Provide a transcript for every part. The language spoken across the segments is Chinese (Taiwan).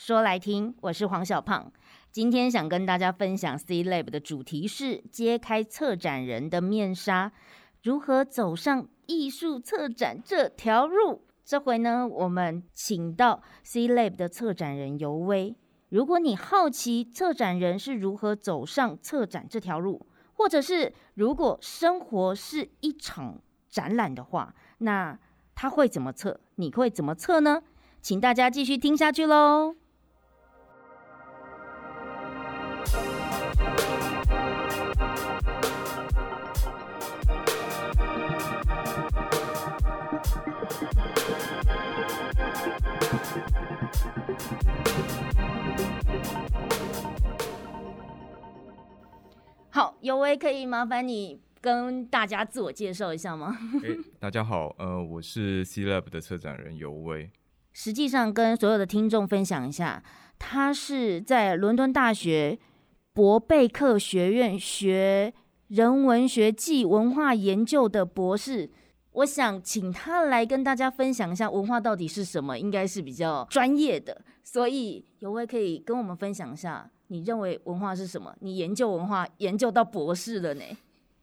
說來聽，我是黃小胖。今天想跟大家分享 C-LAB 的主題是揭開策展人的面紗，如何走上藝術策展這條路。這回呢，我們請到 C-LAB 的策展人尤威。如果你好奇策展人是如何走上策展這條路，或者是如果生活是一場展覽的話，那他會怎麼策？你會怎麼策呢？請大家繼續聽下去嘍。好，尤威，可以麻煩你跟大家自我介紹一下嗎？ 欸，大家好，呃，我是 C-LAB 的策展人尤威。實際上，跟所有的聽眾分享一下，他是在倫敦大學伯貝克學院學人文學暨文化研究的博士。我想請他來跟大家分享一下文化到底是什麼，應該是比較專業的，所以有位可以跟我們分享一下，你認為文化是什麼？你研究文化研究到博士了呢？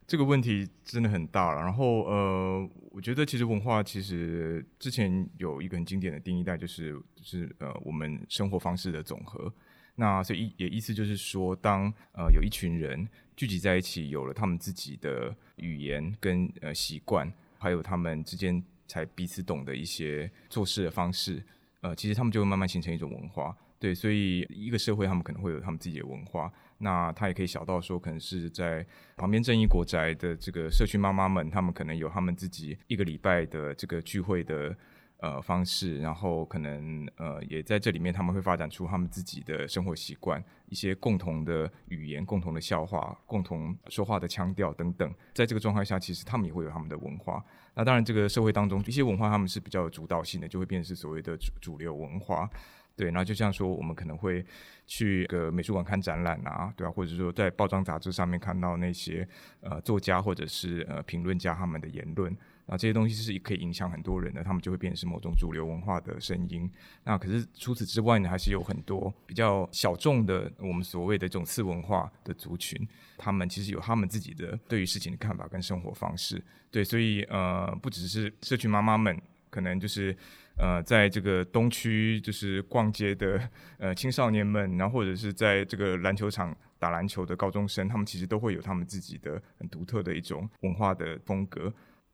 這個問題真的很大了。然後呃，我覺得其實文化其實之前有一個很經典的定義，帶就是就是呃我們生活方式的總和。那所以也意思就是說，當呃有一群人聚集在一起，有了他們自己的語言跟呃習慣。還有他們之間才彼此懂的一些做事的方式，呃，其實他們就會慢慢形成一種文化，對，所以一個社會他們可能會有他們自己的文化，那他也可以想到說，可能是在旁邊正義國宅的這個社區媽媽們，他們可能有他們自己一個禮拜的這個聚會的。呃，方式，然後可能呃，也在這裡面，他們會發展出他們自己的生活習慣，一些共同的語言、共同的笑話、共同說話的腔調等等。在這個狀態下，其實他們也會有他們的文化。那當然，這個社會當中，一些文化他們是比較有主導性的，就會變成所謂的主主流文化。對，然後就像說，我們可能會去個美術館看展覽啊，對吧、啊？或者說在報章雜誌上面看到那些呃作家或者是呃評論家他們的言論，那這些東西是可以影響很多人的，他們就會變成是某種主流文化的聲音。那可是除此之外呢，還是有很多比較小眾的，我們所謂的這種次文化的族群，他們其實有他們自己的對於事情的看法跟生活方式。對，所以呃，不只是社區媽媽們，可能就是。呃，在這個東區就是逛街的呃青少年們，然後或者是在這個籃球場打籃球的高中生，他們其實都會有他們自己的很獨特的一種文化的風格。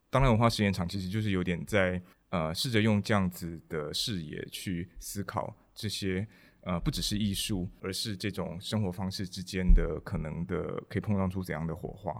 當然，文化實驗場其實就是有點在呃試着用這樣子的視野去思考這些呃不只是藝術，而是這種生活方式之間的可能的可以碰撞出怎樣的火花。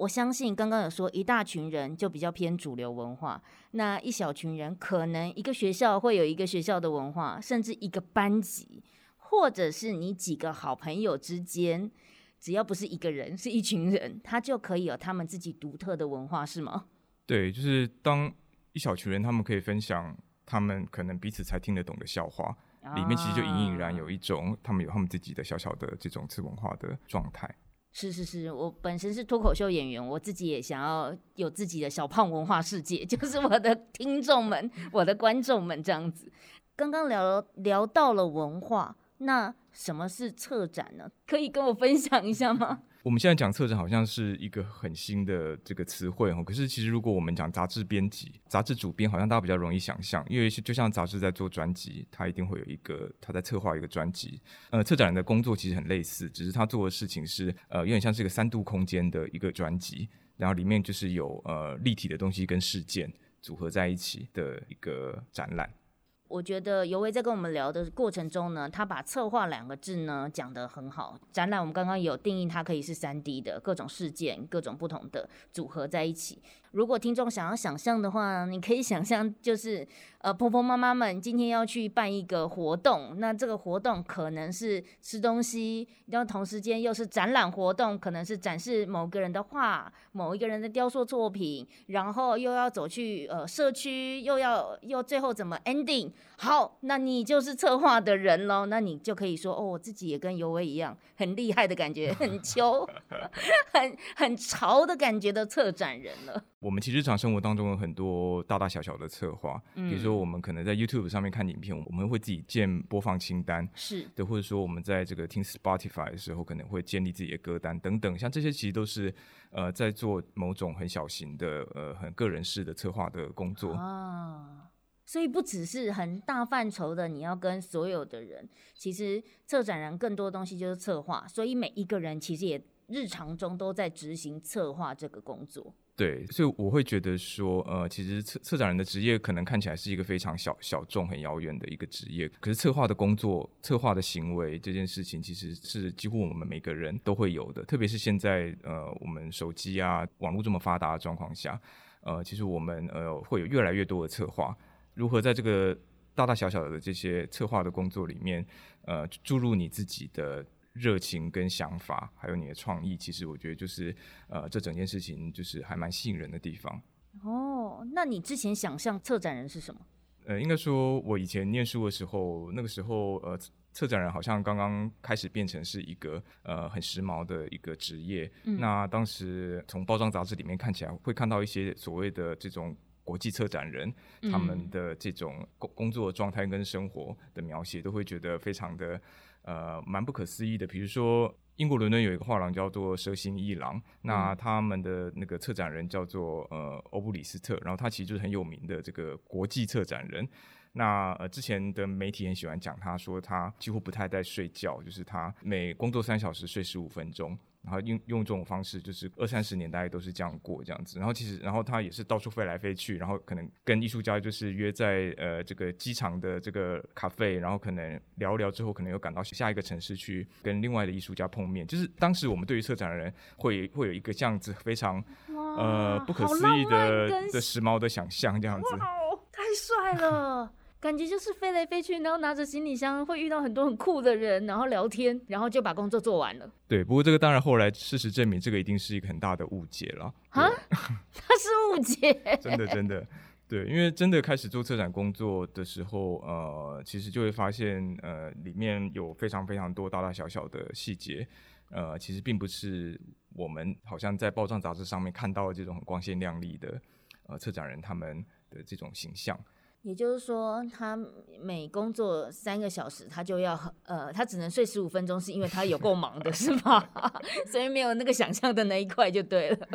我相信剛剛有說，一大群人就比較偏主流文化，那一小群人可能一個學校會有一個學校的文化，甚至一個班級，或者是你幾個好朋友之間，只要不是一個人，是一群人，他就可以有他們自己獨特的文化，是嗎？對，就是當一小群人，他們可以分享他們可能彼此才聽得懂的笑話，裡面其實就隱隱然有一種他們有他們自己的小小的這種次文化的狀態。是是是，我本身是脫口秀演員，我自己也想要有自己的小胖文化世界，就是我的聽眾們、 我的觀眾們這樣子。剛剛聊聊到了文化，那什麼是策展呢？可以跟我分享一下嗎？我們現在講策展好像是一個很新的這個詞彙，可是其實如果我們講雜誌編輯、雜誌主編，好像大家比較容易想象，因為就像雜誌在做專輯，它一定會有一個他在策劃一個專輯。呃，策展人的工作其實很類似，只是他做的事情是呃，有點像是一個三度空間的一個專輯，然後裡面就是有呃立體的東西跟事件組合在一起的一個展覽。我覺得尤維在跟我們聊的過程中呢，他把“策劃”兩個字呢講得很好。展覽我們剛剛有定義，它可以是三 D 的各種事件、各種不同的組合在一起。如果聽眾想要想象的話，你可以想象就是呃，婆婆媽媽們今天要去辦一個活動，那這個活動可能是吃東西，然後同時間又是展覽活動，可能是展示某個人的畫、某一個人的雕塑作品，然後又要走去呃社區，又要又最後怎麼 ending。好，那你就是策劃的人嘍，那你就可以說哦，我自己也跟尤為一樣很厲害的感覺，很秋、 很很潮的感覺的策展人了。我們其實日常生活當中有很多大大小小的策劃，比如說我們可能在 YouTube 上面看影片，我們會自己建播放清單，是對，或者說我們在這個聽 Spotify 的時候，可能會建立自己的歌單等等，像這些其實都是呃在做某種很小型的、呃、很個人式的策劃的工作、啊。所以不只是很大範疇的，你要跟所有的人。其實策展人更多的東西就是策劃，所以每一個人其實也日常中都在執行策劃這個工作。對，所以我會覺得說，呃，其實策策展人的職業可能看起來是一個非常小小眾、很遙遠的一個職業。可是策劃的工作、策劃的行為這件事情，其實是幾乎我們每個人都會有的。特別是現在，呃，我們手機啊、網絡這麼發達的狀況下，呃，其實我們呃會有越來越多的策劃。如何在這個大大小小的這些策劃的工作裡面，呃，注入你自己的熱情跟想法，還有你的創意，其實我覺得就是，呃，這整件事情就是還蠻吸引人的地方。哦，那你之前想象策展人是什麼？呃，應該說我以前念書的時候，那個時候呃，策展人好像剛剛開始變成是一個呃很時髦的一個職業，嗯。那當時從包裝雜誌裡面看起來，會看到一些所謂的這種。國際策展人他們的這種工工作狀態跟生活的描寫，嗯、都會覺得非常的呃蠻不可思議的。比如說，英國倫敦有一個畫廊叫做蛇形藝廊，那他們的那個策展人叫做呃歐布里斯特，然後他其實就是很有名的這個國際策展人。那、呃、之前的媒體很喜歡講他，說他幾乎不太在睡覺，就是他每工作三小時睡十五分鐘。然後用用這種方式，就是二三十年代大概都是這樣過這樣子。然後其實，然後他也是到處飛來飛去，然後可能跟藝術家就是約在呃這個機場的這個咖啡，然後可能聊一聊之後，可能又趕到下一個城市去跟另外的藝術家碰面。就是當時我們對於策展的人會會，會有一個這樣子非常呃不可思議的的時髦的想象，這樣子。哇，太帥了！ 感覺就是飛來飛去，然後拿着行李箱，會遇到很多很酷的人，然後聊天，然後就把工作做完了。對，不過這個當然後來事實證明，這個一定是一個很大的誤解了。啊，他是誤解， 真的真的，對，因為真的開始做策展工作的時候，呃，其實就會發現，呃，裡面有非常非常多大大小小的細節，呃，其實並不是我們好像在報章雜誌上面看到的這種很光鮮亮麗的，呃，策展人他們的這種形象。也就是說，他每工作三個小時，他就要呃，他只能睡十五分鐘，是因為他有夠忙的是嗎？ 所以沒有那個想象的那一塊就對了。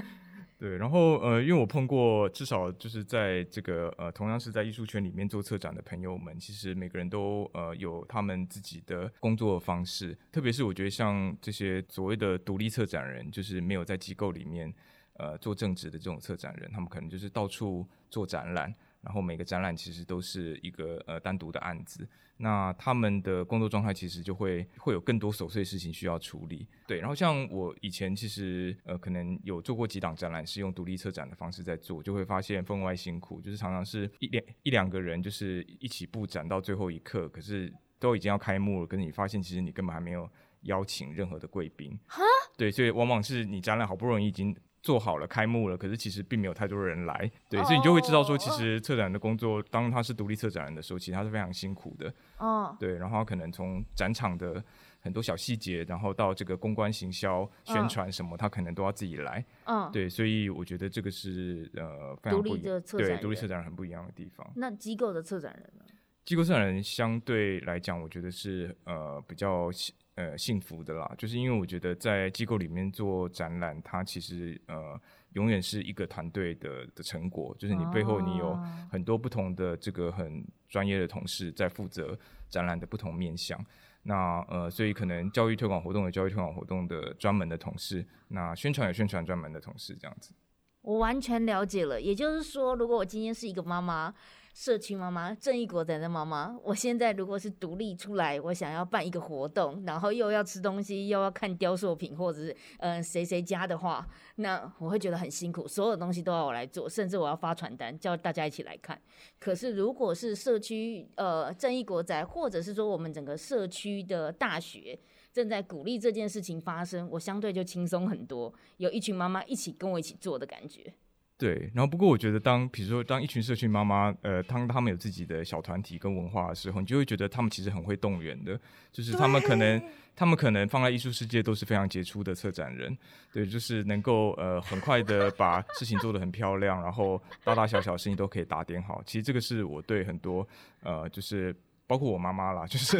對，然後呃，因為我碰過至少就是在這個呃，同樣是在藝術圈裡面做策展的朋友們，其實每個人都呃有他們自己的工作方式。特別是我覺得像這些所謂的獨立策展人，就是沒有在機構裡面呃做正職的這種策展人，他們可能就是到處做展覽。然後每個展覽其實都是一個呃單獨的案子，那他們的工作狀態其實就會會有更多瑣碎事情需要處理。對，然後像我以前其實呃可能有做過幾檔展覽是用獨立策展的方式在做，就會發現分外辛苦，就是常常是一兩一兩個人就是一起布展到最後一刻，可是都已經要開幕了，可是你發現其實你根本還沒有邀請任何的貴賓。哈。對，所以往往是你展覽好不容易已經。做好了，開幕了，可是其實並沒有太多人來，對，oh, 所以你就會知道說，其實策展人的工作，oh. 當他是獨立策展人的時候，其實他是非常辛苦的，哦、oh.，對，然後可能從展場的很多小細節，然後到這個公關、行銷、宣傳什麼，他可能都要自己來，嗯、oh.，對，所以我覺得這個是呃，非常獨立的策展人對，獨立策展人很不一樣的地方。那機構的策展人呢？機構策展人相對來講，我覺得是呃比較。呃，幸福的啦，就是因為我覺得在機構裡面做展覽，它其實呃，永遠是一個團隊的的成果，就是你背後你有很多不同的這個很專業的同事在負責展覽的不同面向。那呃，所以可能教育推廣活動有教育推廣活動的專門的同事，那宣傳有宣傳專門的同事，這樣子。我完全了解了，也就是說，如果我今天是一個媽媽。社區媽媽、正義國宅的媽媽，我現在如果是獨立出來，我想要辦一個活動，然後又要吃東西，又要看雕塑品，或者是嗯、呃、誰誰家的話，那我會覺得很辛苦，所有東西都要我來做，甚至我要發傳單，叫大家一起來看。可是如果是社區，呃，正義國宅，或者是說我們整個社區的大學正在鼓勵這件事情發生，我相對就輕鬆很多，有一群媽媽一起跟我一起做的感覺。對，然後不過我覺得當，當比如說，當一群社群媽媽，呃，當他們有自己的小團體跟文化的時候，你就會覺得他們其實很會動員的。就是他們可能，他們可能放在藝術世界都是非常傑出的策展人。對，就是能夠呃很快的把事情做得很漂亮， 然後大大小小的事情都可以打點好。其實這個是我對很多呃就是包括我媽媽啦，就是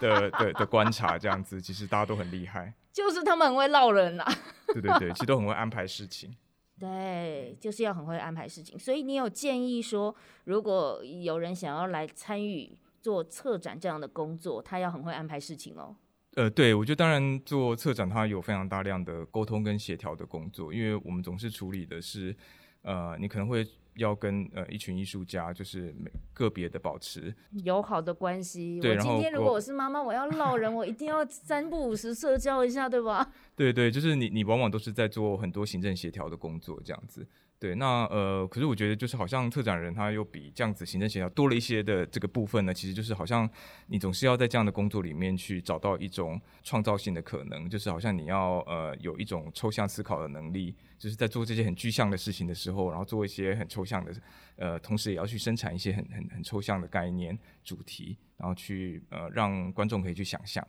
的的的觀察這樣子。其實大家都很厲害，就是他們很會烙人啦、啊，對對對，其實都很會安排事情。對，就是要很會安排事情，所以你有建議說，如果有人想要來參與做策展這樣的工作，他要很會安排事情哦？呃，對，我覺得當然做策展，他有非常大量的溝通跟協調的工作，因為我們總是處理的是，呃，你可能會。要跟呃一群藝術家，就是每個別的保持友好的關係。我今天如果我是媽媽，我要鬧人， 我一定要三不五時社交一下，對吧？對對，對，就是你你往往都是在做很多行政協調的工作，這樣子。對，那呃，可是我覺得就是好像策展人他又比這樣子行政協調多了一些的這個部分呢，其實就是好像你總是要在這樣的工作裡面去找到一種創造性的可能，就是好像你要呃有一種抽象思考的能力，就是在做這些很具象的事情的時候，然後做一些很抽想的，呃，同時也要去生產一些很很很抽象的概念、主題，然後去呃讓觀眾可以去想象。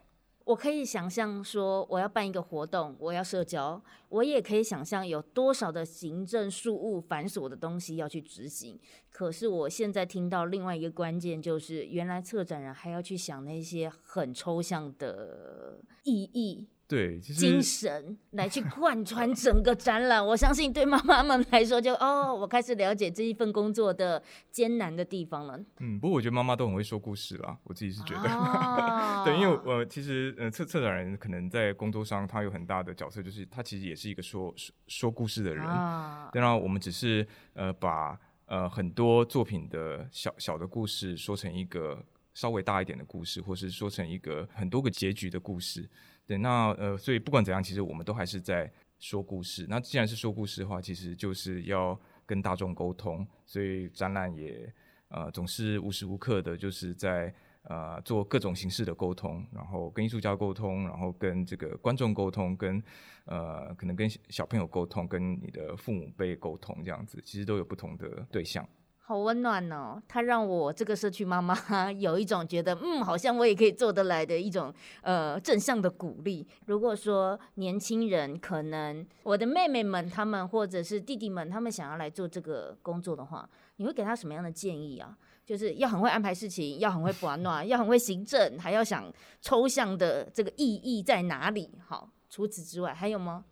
我可以想象說，我要辦一個活動，我要社交，我也可以想象有多少的行政事務繁瑣的東西要去執行。可是我現在聽到另外一個關鍵，就是原來策展人還要去想那些很抽象的意義。對，精神來去貫穿整個展覽， 我相信對媽媽們來說就，就哦，我開始了解這一份工作的艱難的地方了。嗯，不過我覺得媽媽都很會說故事啦，我自己是覺得。哦、 對，因為我、呃、其實呃策展人可能在工作上他有很大的角色，就是他其實也是一個說說故事的人。當、哦、然，我們只是呃把呃很多作品的小小的故事說成一個稍微大一點的故事，或是說成一個很多個結局的故事。對，那呃，所以不管怎樣，其實我們都還是在說故事。那既然是說故事的話，其實就是要跟大眾溝通，所以展覽也呃總是無時無刻的，就是在呃做各種形式的溝通，然後跟藝術家溝通，然後跟這個觀眾溝通，跟呃可能跟小朋友溝通，跟你的父母輩溝通，這樣子其實都有不同的對象。好溫暖哦，他讓我這個社區媽媽有一種覺得，嗯，好像我也可以做得來的一種呃正向的鼓勵。如果說年輕人，可能我的妹妹們他們，或者是弟弟們他們想要來做這個工作的話，你會給他什麼樣的建議啊？就是要很會安排事情，要很會 plan 吶，要很會行政，還要想抽象的這個意義在哪裡？好，除此之外還有嗎？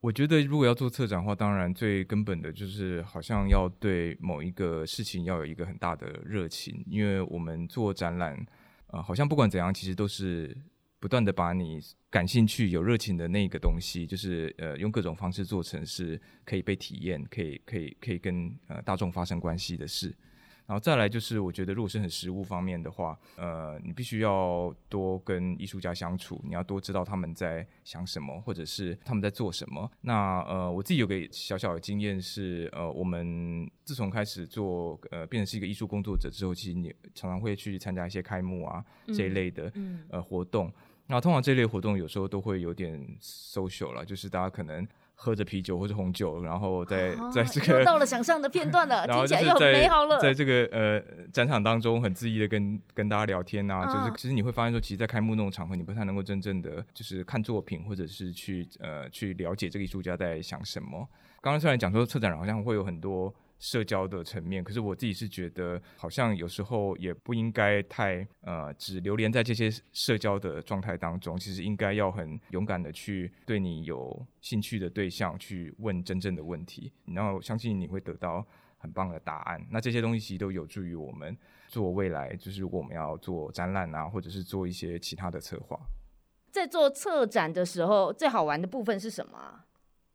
我覺得，如果要做策展的話，當然最根本的就是，好像要對某一個事情要有一個很大的熱情，因為我們做展覽，呃，好像不管怎樣，其實都是不斷的把你感興趣、有熱情的那個東西，就是呃，用各種方式做成是可以被體驗、可以、可以、可以跟呃大眾發生關係的事。然後再來就是，我覺得如果是很實務方面的話，呃，你必須要多跟藝術家相處，你要多知道他們在想什麼，或者是他們在做什麼。那呃，我自己有個小小的經驗是，呃，我們自從開始做呃，變成是一個藝術工作者之後，其實你常常會去參加一些開幕啊、嗯、這一類的、嗯、呃活動。那通常這一類活動有時候都會有點 social 了，就是大家可能。喝着啤酒或者紅酒，然後在、啊、在這個到了想象的片段了， 聽起來又很美好了。在這個呃展場當中很自，很恣意的跟跟大家聊天啊，啊就是其實你會發現說，其實，在開幕那種場合，你不太能夠真正的就是看作品，或者是去呃去了解這個藝術家在想什麼。剛剛雖然講說，策展好像會有很多。社交的層面，可是我自己是覺得，好像有時候也不應該太呃，只流連在這些社交的狀態當中。其實應該要很勇敢的去對你有興趣的對象去問真正的問題，然後我相信你會得到很棒的答案。那這些東西其實都有助於我們做未來，就是我們要做展覽啊，或者是做一些其他的策劃。在做策展的時候，最好玩的部分是什麼？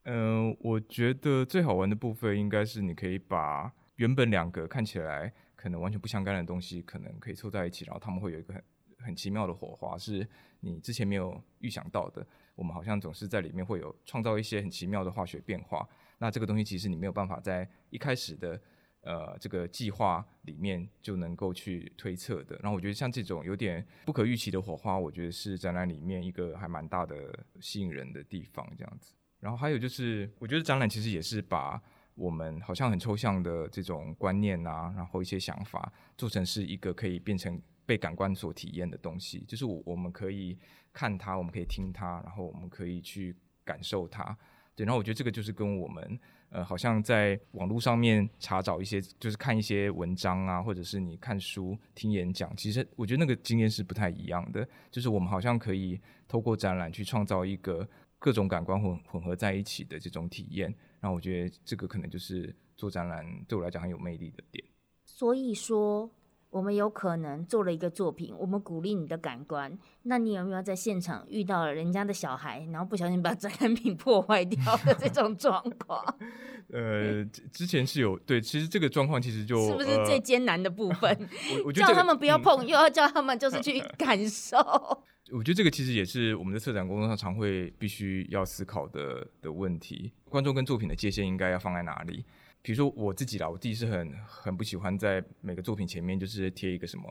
嗯、呃，我覺得最好玩的部分應該是，你可以把原本兩個看起來可能完全不相干的東西，可能可以湊在一起，然後他們會有一個很很奇妙的火花，是你之前沒有預想到的。我們好像總是在裡面會有創造一些很奇妙的化學變化。那這個東西其實你沒有辦法在一開始的呃這個計劃裡面就能夠去推測的。然後我覺得像這種有點不可預期的火花，我覺得是展覽裡面一個還蠻大的吸引人的地方，這樣子。然後還有就是，我覺得展覽其實也是把我們好像很抽象的這種觀念啊，然後一些想法做成是一個可以變成被感官所體驗的東西，就是我我們可以看它，我們可以聽它，然後我們可以去感受它。對，然後我覺得這個就是跟我們呃，好像在網絡上面查找一些，就是看一些文章啊，或者是你看書、聽演講，其實我覺得那個經驗是不太一樣的。就是我們好像可以透過展覽去創造一個。各種感官混混合在一起的這種體驗，那我覺得這個可能就是做展覽對我來講很有魅力的點。所以說。我們有可能做了一個作品，我們鼓勵你的感官，那你有沒有在現場遇到了人家的小孩，然後不小心把展品破壞掉的這種狀況？ 呃，之前是有對，其實這個狀況其實就是不是最艱難的部分？呃我我覺得這個，叫他們不要碰，嗯，又要叫他們就是去感受。我覺得這個其實也是我們的策展工作上常會必須要思考的的問題：觀眾跟作品的界限應該要放在哪裡？比如說我自己啦，我自己是很很不喜歡在每個作品前面就是貼一個什麼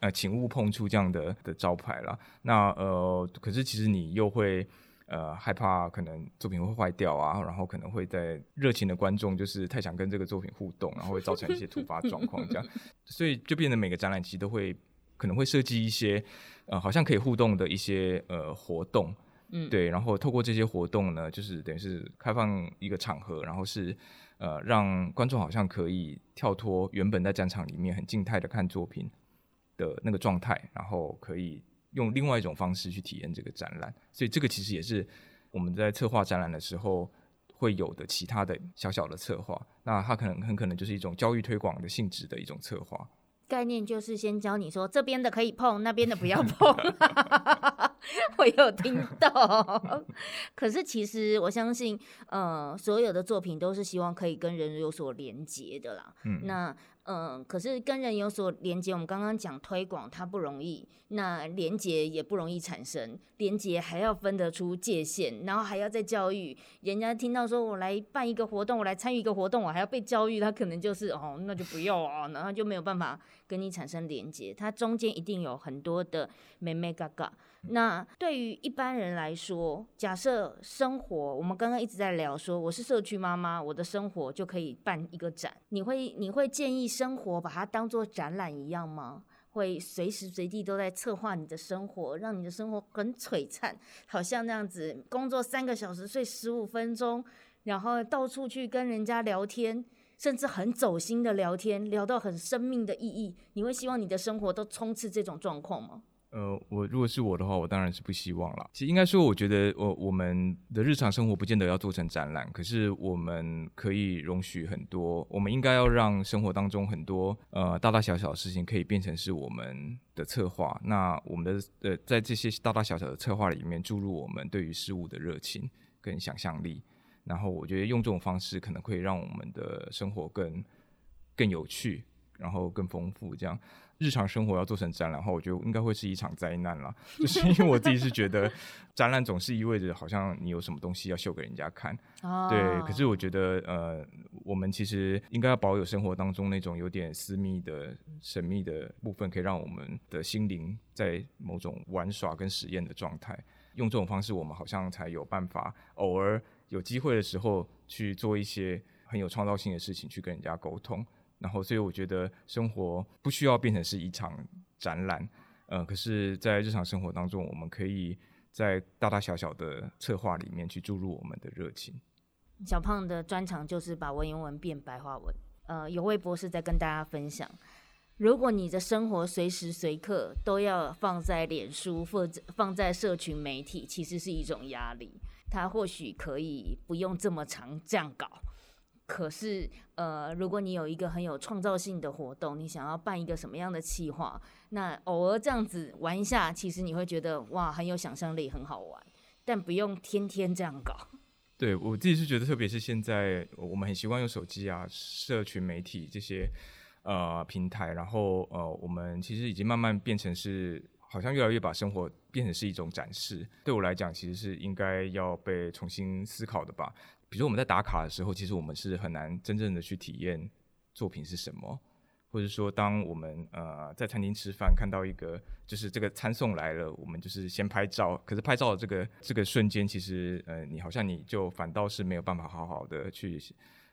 呃請勿碰觸這樣的的招牌啦。那呃，可是其實你又會呃害怕，可能作品會壞掉啊，然後可能會在熱情的觀眾就是太想跟這個作品互動，然後會造成一些突發狀況這樣， 所以就變得每個展覽期都會可能會設計一些呃好像可以互動的一些呃活動。嗯，對，然後透過這些活動呢，就是等於是開放一個場合，然後是，呃，讓觀眾好像可以跳脫原本在展場裡面很靜態的看作品的那個狀態，然後可以用另外一種方式去體驗這個展覽。所以這個其實也是我們在策劃展覽的時候會有的其他的小小的策劃。那它可能很可能就是一種教育推廣的性質的一種策劃概念，就是先教你說這邊的可以碰，那邊的不要碰。 我有聽到，可是其實我相信，呃，所有的作品都是希望可以跟人有所連接的啦。嗯，那，嗯，可是跟人有所連接，我們剛剛講推廣它不容易，那連接也不容易產生，連接還要分得出界限，然後還要再教育。人家聽到說我來辦一個活動，我來參與一個活動，我還要被教育，他可能就是哦，那就不要啊，然後就沒有辦法跟你產生連接。它中間一定有很多的眉眉角角。那對於一般人來說，假設生活，我們剛剛一直在聊說，我是社區媽媽，我的生活就可以辦一個展。你會你會建議生活把它當做展覽一樣嗎？會隨時隨地都在策劃你的生活，讓你的生活很璀璨，好像這樣子，工作三個小時，睡十五分鐘，然後到處去跟人家聊天，甚至很走心的聊天，聊到很生命的意義。你會希望你的生活都充斥這種狀況嗎？呃，我如果是我的話，我當然是不希望了。其實應該說，我覺得我、呃、我們的日常生活不見得要做成展覽，可是我們可以容許很多。我們應該要讓生活當中很多呃大大小小的事情可以變成是我們的策劃。那我們的呃在這些大大小小的策劃裡面注入我們對於事物的熱情跟想象力。然後我覺得用這種方式可能會讓我們的生活更更有趣，然後更豐富這樣。日常生活要做成展覽，我覺得應該會是一場災難了。就是因為我自己是覺得， 展覽總是意味着好像你有什麼東西要秀給人家看。哦。對，可是我覺得，呃，我們其實應該要保有生活當中那種有點私密的、神秘的部分，可以讓我們的心靈在某種玩耍跟實驗的狀態。用這種方式，我們好像才有辦法偶爾有機會的時候去做一些很有創造性的事情，去跟人家溝通。然後，所以我覺得生活不需要變成是一場展覽，呃，可是，在日常生活當中，我們可以在大大小小的策劃裡面去注入我們的熱情。小胖的專長就是把文言文變白話文。呃，有位博士在跟大家分享，如果你的生活隨時隨刻都要放在臉書或者放在社群媒體，其實是一種壓力。他或許可以不用這麼長這樣搞。可是，呃，如果你有一個很有創造性的活動，你想要辦一個什麼樣的企劃？那偶爾這樣子玩一下，其實你會覺得哇，很有想象力，很好玩。但不用天天這樣搞。對，我自己是覺得，特別是現在，我們很習慣用手機啊、社群媒體這些呃平台，然後呃，我們其實已經慢慢變成是，好像越來越把生活變成是一種展示。對我來講，其實是應該要被重新思考的吧。比如我們在打卡的時候，其實我們是很難真正的去體驗作品是什麼，或者說當我們呃在餐廳吃飯看到一個就是這個餐送來了，我們就是先拍照。可是拍照的這個這個瞬間，其實呃你好像你就反倒是沒有辦法好好的去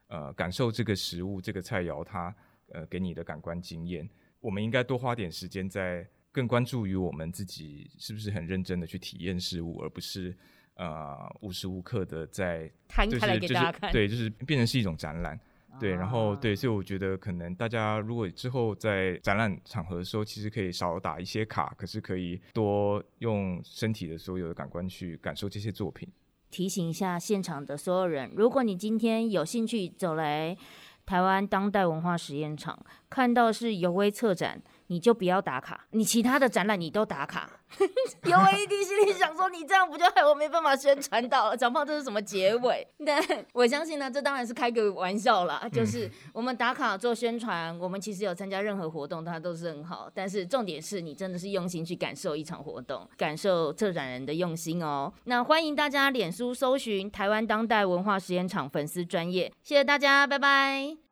呃感受這個食物、這個菜餚它呃給你的感官經驗。我們應該多花點時間在更關注於我們自己是不是很認真的去體驗事物，而不是。呃，無時無刻的在彈開來給大家看。就是就是對，就是變成是一種展覽，嗯，對，然後對，所以我覺得可能大家如果之後在展覽場合的時候，其實可以少打一些卡，可是可以多用身體的所有的感官去感受這些作品。提醒一下現場的所有人，如果你今天有興趣走來台灣當代文化實驗場，看到的是有微策展，你就不要打卡，你其他的展覽你都打卡。為 A D 心裡想說，你這樣不就害我沒辦法宣傳到了？長胖，這是什麼結尾？但我相信呢，這當然是開個玩笑啦。就是我們打卡做宣傳，我們其實有參加任何活動，它都是很好。但是重點是你真的是用心去感受一場活動，感受策展人的用心哦。那歡迎大家臉書搜尋台灣當代文化實驗場粉絲專頁，謝謝大家，拜拜。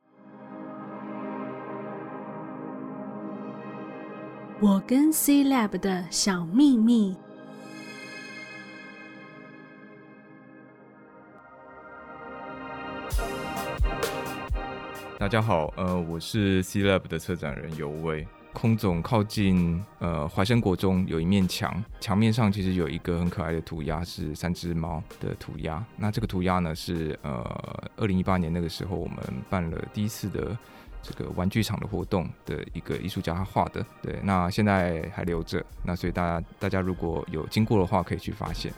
我跟 C Lab 的小秘密。大家好，呃，我是 C Lab 的策展人游崴。空總靠近呃，懷生國中有一面牆，牆面上其實有一個很可愛的塗鴉，是三隻貓的塗鴉。那這個塗鴉呢，是呃，二零一八年那個時候我們辦了第一次的。這個玩具廠的活動的一個藝術家畫的，對，那現在還留着，那所以大家大家如果有經過的話，可以去發現。